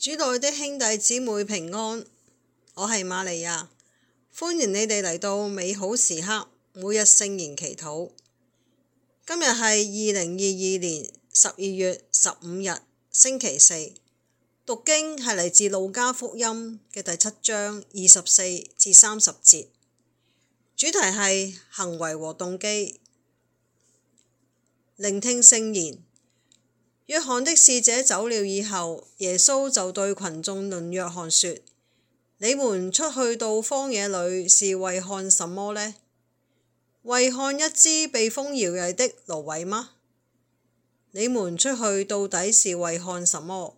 主內的兄弟姊妹平安，我係瑪利亞，歡迎你哋嚟到美好時刻，每日聖言祈禱。今日係二零二二年十二月十五日星期四，讀經係嚟自《路加福音》嘅第七章二十四至三十節，主題係行為和動機。聆聽聖言。若翰的使者走了以後，耶穌就對群眾論若,若翰說：你們出去到荒野裏是為看什麼呢？為看一枝被風搖曳的蘆葦嗎？你們出去到底是為看什麼？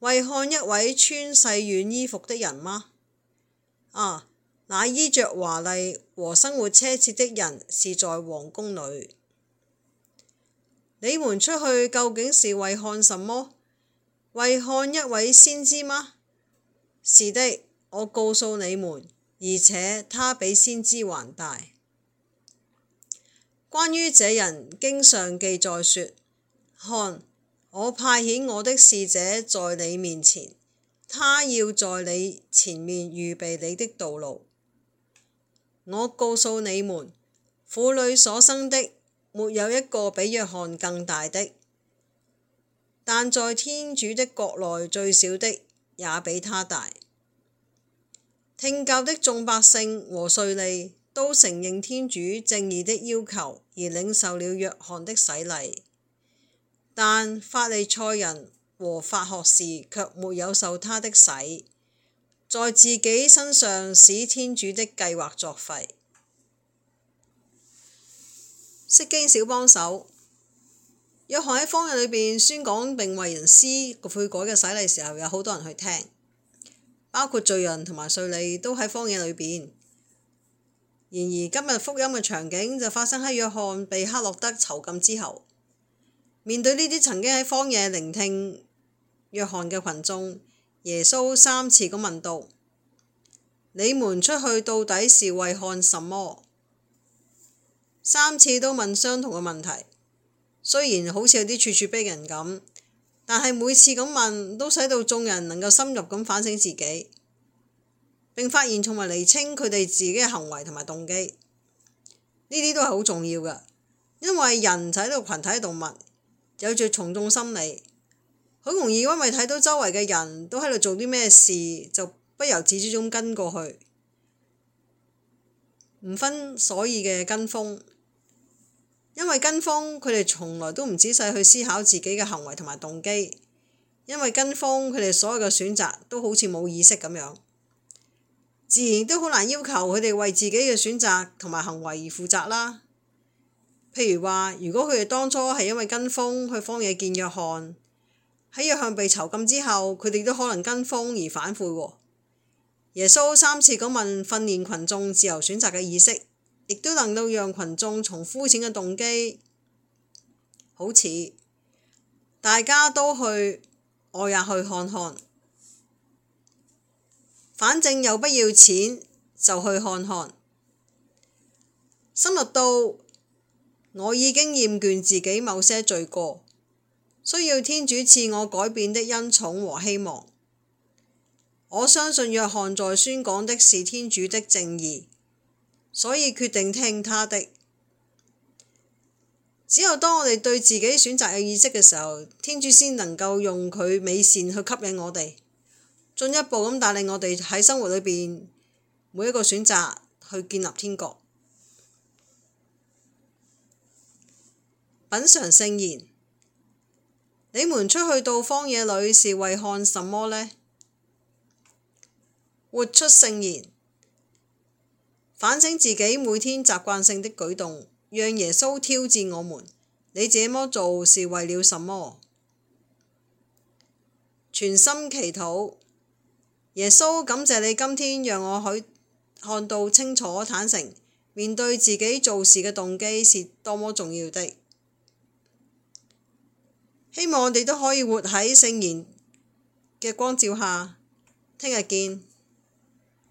為看一位穿細軟衣服的人嗎？啊，那衣着華麗和生活奢侈的人是在王宮裏。你們出去究竟是為看什麼？為看一位先知嗎？是的，我告訴你們，而且他比先知還大。關於這人，經上記載說：看，我派遣我的使者在你面前，他要在你前面預備你的道路。我告訴你們，婦女所生的。沒有一個比若翰更大的，但在天主的國內最小的也比他大。聽教的眾百姓和稅吏都承認天主正義的要求，而領受了若翰的洗禮，但法利塞人和法學士卻沒有受他的洗，在自己身上使天主的計劃作廢。釋經小幫手，若翰喺荒野裏邊宣講並為人施悔改嘅洗禮時候，有好多人去聽，包括罪人同埋稅吏都喺荒野裏邊。然而今日福音嘅場景就發生喺若翰被黑落德囚禁之後，面對呢啲曾經喺荒野聆聽若翰嘅群眾，耶穌三次咁問道：你們出去到底是為看什麼？三次都問相同嘅問題，雖然好似有啲咄咄逼人咁，但係每次咁問都使到眾人能夠深入咁反省自己，並發現從而釐清佢哋自己嘅行為同埋動機，呢啲都係好重要嘅，因為人就係群體動物，有著從眾心理，好容易因為睇到周圍嘅人都喺度做啲咩事，就不由自主咁跟過去，唔分所以嘅跟風。因為跟風，佢哋從來都唔仔細去思考自己嘅行為同埋動機。因為跟風，佢哋所有嘅選擇都好似冇意識咁樣，自然都好難要求佢哋為自己嘅選擇同埋行為而負責啦。譬如話，如果佢哋當初係因為跟風去荒野見若翰，喺若翰被囚禁之後，佢哋都可能跟風而反悔喎。耶穌三次咁問訓練群眾自由選擇嘅意識。亦都能到讓羣眾從膚淺嘅動機，好似大家都去，我也去看看，反正又不要錢，就去看看，深入到我已經厭倦自己某些罪過，需要天主賜我改變的恩寵和希望。我相信若翰在宣講的是天主的正義。所以決定聽他的。只有當我哋對自己選擇有意識嘅時候，天主先能夠用佢美善去吸引我哋，進一步咁帶領我哋喺生活裏邊每一個選擇去建立天國。品嚐聖言。你們出去到荒野裏是為看什麼呢？活出聖言。反省自己每天習慣性的舉動，讓耶穌挑戰我們，你這麼做是為了什麼？全心祈禱，耶穌感謝你今天讓我去看到清楚、坦誠面對自己做事嘅動機是多麼重要的。的希望我哋都可以活喺聖言嘅光照下。聽日見。